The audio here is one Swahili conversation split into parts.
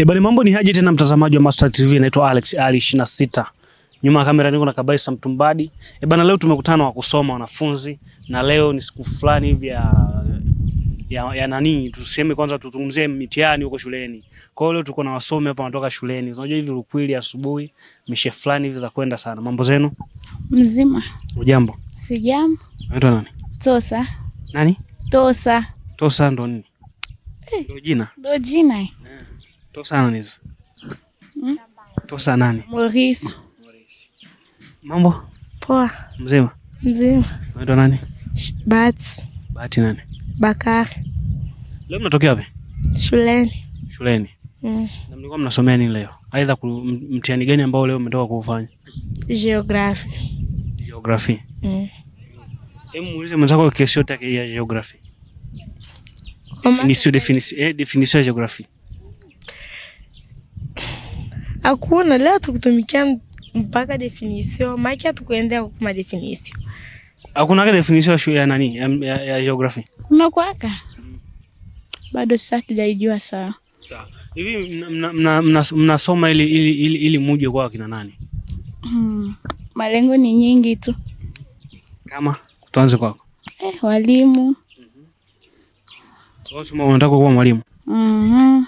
E, bali mambo ni haje tena mtazamaji wa Master TV, naitwa Alex Ali 26. Nyuma ya kamera niko na Kabaisa Mtumbadi. E, bana leo tumekutana wa kusoma wanafunzi na leo ni siku fulani hivi ya ya, ya nani tuseme kwanza tuzungumzie mitihani huko shuleni. Kwa hiyo leo tuko na wasome hapa wanatoka shuleni. Unajua hivi ukweli asubuhi mishe fulani hivi za kwenda sana. Mambo zenu? Mzima. Ujambo? Sijambo. Unaitwa nani? Tosa. Nani? Tosa. Tosa ndo nini? Hey, eh. ndo jina. Ndo jina. Hmm? Tosa nani? Maurice. Maurice. Mambo? Poa. Mzima? Mzima. Unaitwa nani? Bahati. Bahati nani? Bakari. Leo mnatokea wapi? Shuleni. Shuleni. Mm. Na mlikuwa mnasomea nini leo? Aidha mtihani gani ambao leo umetoka kuufanya? Geography. Geography. Mm. Hebu muulize mwenzako kesi yote ya geography. Definition, definition, eh, definition ya geography. Hakuna leo tukutumikia mpaka definition maki huko kwa definition. Hakuna ka definition ya shule ya nani ya, ya, ya geography. Kuna kwaka. Bado sasa tujaijua sawa. Sawa. Hivi mnasoma ili ili ili, ili muje kwa kina nani? Hmm. Malengo ni nyingi tu. Kama tuanze kwako. Eh, walimu. Mhm. Mm. Unataka kuwa mwalimu? Mhm. Mm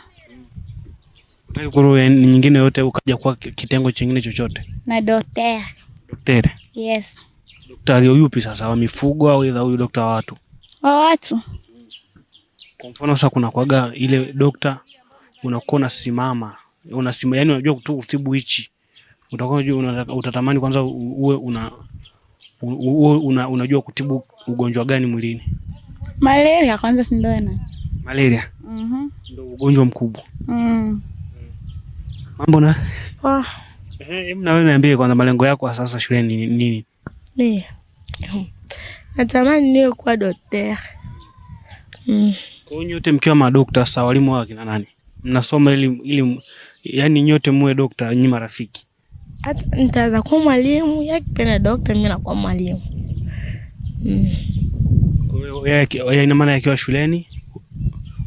Utaki kuru nyingine yote ukaja kwa kitengo chingine chochote? Na daktari. Daktari. Yes. Daktari yupi sasa, wa mifugo au idha huyu daktari wa watu? Wa watu. Kwa mfano sasa kuna kwaga ile daktari unakuwa unasimama, unasimama yani unajua kutibu hichi. Utakuwa utatamani kwanza uwe una uwe una, unajua kutibu ugonjwa gani mwilini? Malaria kwanza si ndio? Malaria. Mhm. Mm, ndio ugonjwa mkubwa. mhm Mambo na ah. Eh, na wewe niambie kwanza malengo yako sasa shuleni ni nini? Ni. Hmm. Natamani niwe hmm. kwa daktari. Mm. Kwa nyote mkiwa madokta sasa walimu wako kina nani? Mnasoma ili ili yani nyote muwe dokta nyi marafiki. Hata nitaanza kuwa mwalimu yakipenda dokta mimi nakuwa mwalimu. Mm. Kwa hiyo ina maana yakiwa shuleni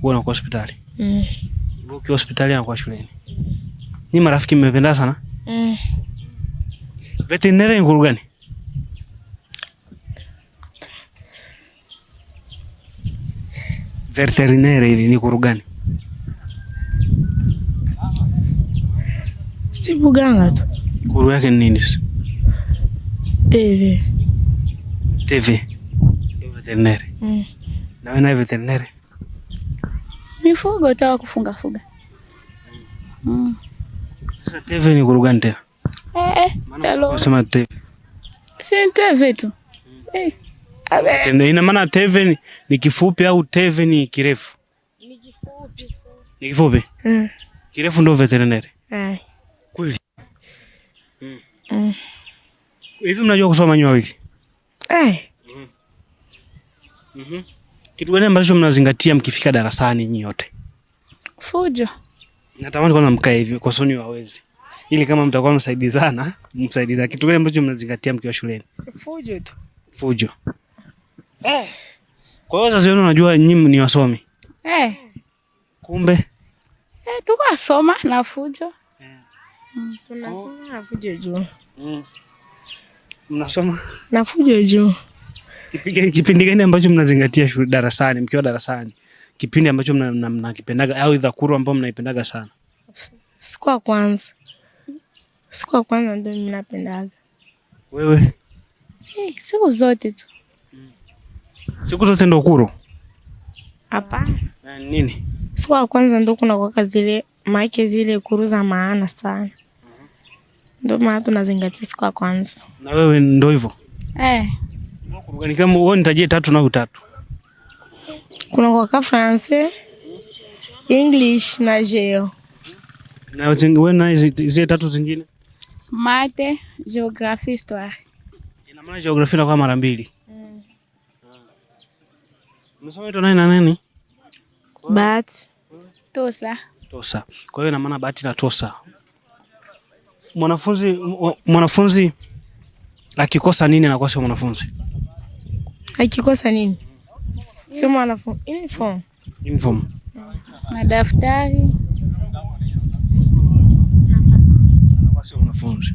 wewe unakuwa hospitali. Mm. Ukiwa hospitali anakuwa shuleni. Ni marafiki mmependa sana? Mm. Veterinary ni gani? Veterinary ili ni gani? Si mganga tu. Kuru yake ni nini? TV. TV. Veterinary. Mm. Na wewe na veterinary? Mifugo tawa kufunga fuga. Mm. Sasa TV ni kuruga nte. Eh, eh. Hello. unasema TV. Si TV tu. Eh. Abe. Ina maana TV ni kifupi au TV ni kirefu? Ni kifupi. Ni kifupi? Mm. Kirefu ndio veterinary. Eh. Kweli. Mm. Mm. Hivi mnajua kusoma nywa wiki? Eh. Hmm. Mhm. Mm. Kitu gani ambacho mnazingatia mkifika darasani nyote? Fujo natamani kwanza mkae hivi kwa Soni wawezi, ili kama mtakuwa msaidizana, msaidizana. Kitu gani ambacho mnazingatia mkiwa shuleni? Fujo tu, fujo eh. Kwa hiyo wazazi wenu unajua nyinyi ni wasomi eh, kumbe eh, tuko asoma na fujo eh. Mm, tunasoma oh. na fujo juu mm. Mnasoma na fujo juu. Kipindi gani ambacho mnazingatia shule darasani, mkiwa darasani kipindi ambacho mnakipendaga au kuru ambao mnaipendaga sana? Siku ya kwanza, siku ya kwanza ndio mnapendaga. Wewe hey, eh, siku zote tu, siku zote ndio kuru Hapana, nini, siku ya kwanza ndio kuna kwaka zile maike zile kuru za maana sana, ndio maana tunazingatia siku ya kwanza. Na wewe ndio hivyo eh? Hey. Kuruganikiwa wewe nitajie tatu na utatu kuna kwa français, English na geo. Na wewe na hizo tatu zingine? Mate, geography, histoire. Ina maana geography na kwa mara mbili. Ah. Mm. Umesoma hiyo nani na nani? Bat. Tosa. Tosa. Kwa hiyo ina maana bat na Tosa. Mwanafunzi mwanafunzi akikosa nini anakuwa sio mwanafunzi? Akikosa nini? Sio mwanafunzi, uniform. Uniform. Madaftari. Sio mwanafunzi.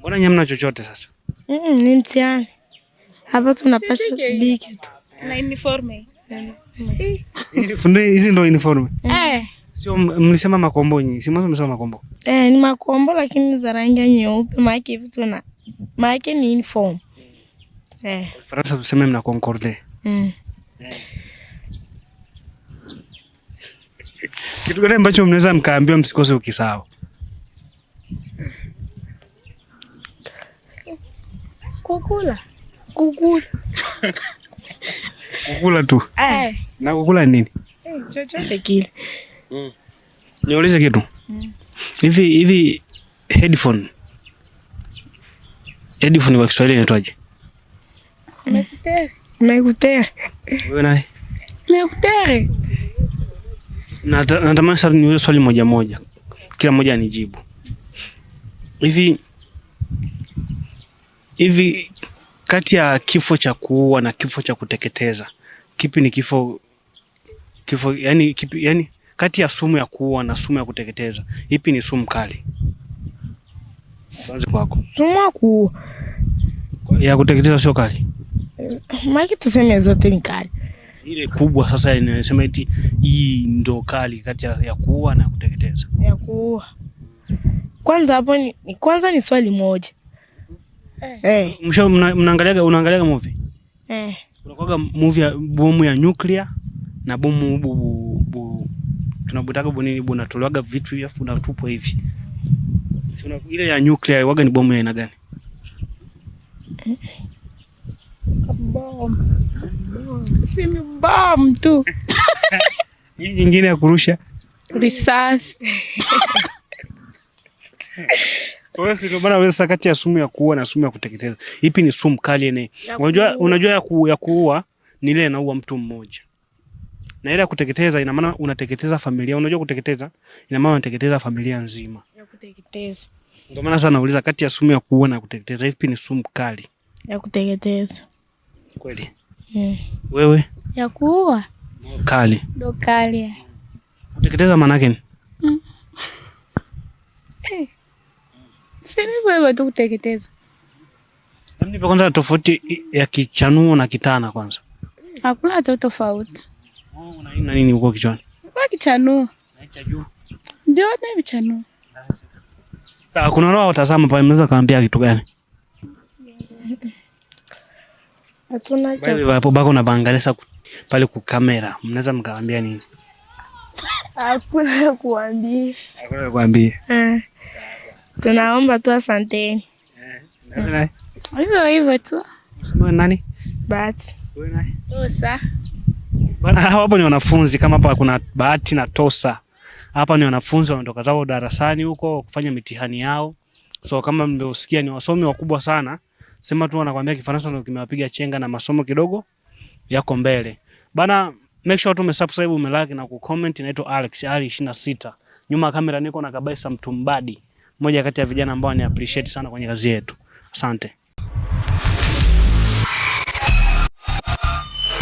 Mbona nyinyi mna chochote sasa? Mm, ni mtihani. Hapa tunapasha biki tu. Na uniform. Hizi ndo uniform. Eh. Sio mlisema makombo nyinyi, si mwanzo mlisema makombo. Eh, ni makombo lakini za rangi nyeupe, maana hivi tuna maana ni uniform. Eh. Faransa tuseme mna concorde. Mm. Kitu gani ambacho mnaweza mkaambiwa msikose ukisahau? Kukula. Kukula. Kukula tu. Eh. Na kukula nini? Eh, chochote kile. Mm. Niulize kitu. Mm. Hivi hivi headphone. Headphone kwa Kiswahili inaitwaje? Mm. Mekutere. Wewe naye? Mekutere. Natamani sasa niulize swali moja moja, kila mmoja anijibu hivi hivi, kati ya kifo cha kuua na kifo cha kuteketeza kipi ni kifo kifo, yani, kipi, yani kati ya sumu ya kuua na sumu ya kuteketeza ipi ni sumu kali? Tuanze kwako. Sumu ya kuua ya kuteketeza sio kali Maji tuseme zote ni kali. Ile kubwa sasa inasema eti hii ndo kali kati ya kuua na kuteketeza. Ya kuua. Kwanza hapo ni kwanza ni swali moja. Eh. eh. Msho mnaangalia unaangaliaga movie? Eh. Unakuwaga movie ya bomu ya nuclear na bomu bu, bu, bu tunabutaga bonini bwana tuliwaga vitu hivi afu unatupwa hivi. Si ile ya nuclear waga ni bomu ya aina gani? Eh. Bom. Si ni bom tu. Hii nyingine ya kurusha risasi. kati ya sumu ya kuua na sumu ya kuteketeza. Ipi ni sumu kali Ene, Unajua unajua ya, ku, ya kuua ni ile inaua mtu mmoja. Na ile ya kuteketeza ina maana unateketeza familia. Unajua kuteketeza ina maana unateketeza familia nzima. Ya kuteketeza. Ndio maana sasa nauliza kati ya sumu ya kuua na kuteketeza ipi ni sumu kali? Ya kuteketeza. Kweli? Mm. Wewe? Ya kuua? Kali. Ndo kali. Kuteketeza maana yake ni? Mm. Eh. Si wewe tu kuteketeza. Nipe kwanza tofauti ya kichanuo na kitana kwanza. Hakuna hata tofauti. Wewe oh, una nini na nini uko kichwani? Kwa kichanuo. juu. Ndio na kichanuo Sasa kuna roho utazama pale mnaweza kaambia kitu gani? Hatuna cha. Hapo bako na bangalesa pale ku kamera. Mnaweza mkaambia nini? Hakuna kuambia. Hakuna kuambia. Eh. Tunaomba tu asanteni. Eh. Hivyo hivyo tu. Unasema nani? Bahati. Wewe nani? Tosa. Bana hapo ni wanafunzi kama hapa kuna Bahati na Tosa. Hapa ni wanafunzi wametoka zao darasani huko kufanya mitihani yao. So kama mlivyosikia ni wasomi wakubwa sana. Sema tu anakuambia Kifaransa ndio kimewapiga chenga na masomo kidogo yako mbele. Bana, make sure tu umesubscribe, umelike na kucomment. Naitwa Alex Ali 26. Nyuma ya kamera niko na Kabaisa Mtumbadi, mmoja kati ya vijana ambao ni appreciate sana kwenye kazi yetu. Asante.